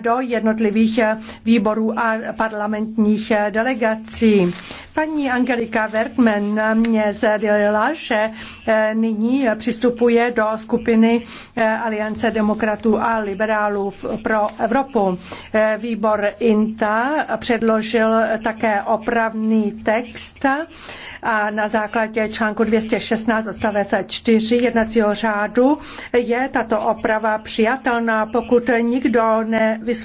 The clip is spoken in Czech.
do jednotlivých eh, výborů a parlamentních eh, delegací. Paní Angelika Wertmann mě sdělila, že eh, nyní přistupuje do skupiny eh, Aliance demokratů a liberálů pro Evropu. Eh, výbor INTA předložil také opravný text a na základě článku 216 odstavec 4 jednacího řádu je tato oprava přijatelná, pokud nikdo nevysloví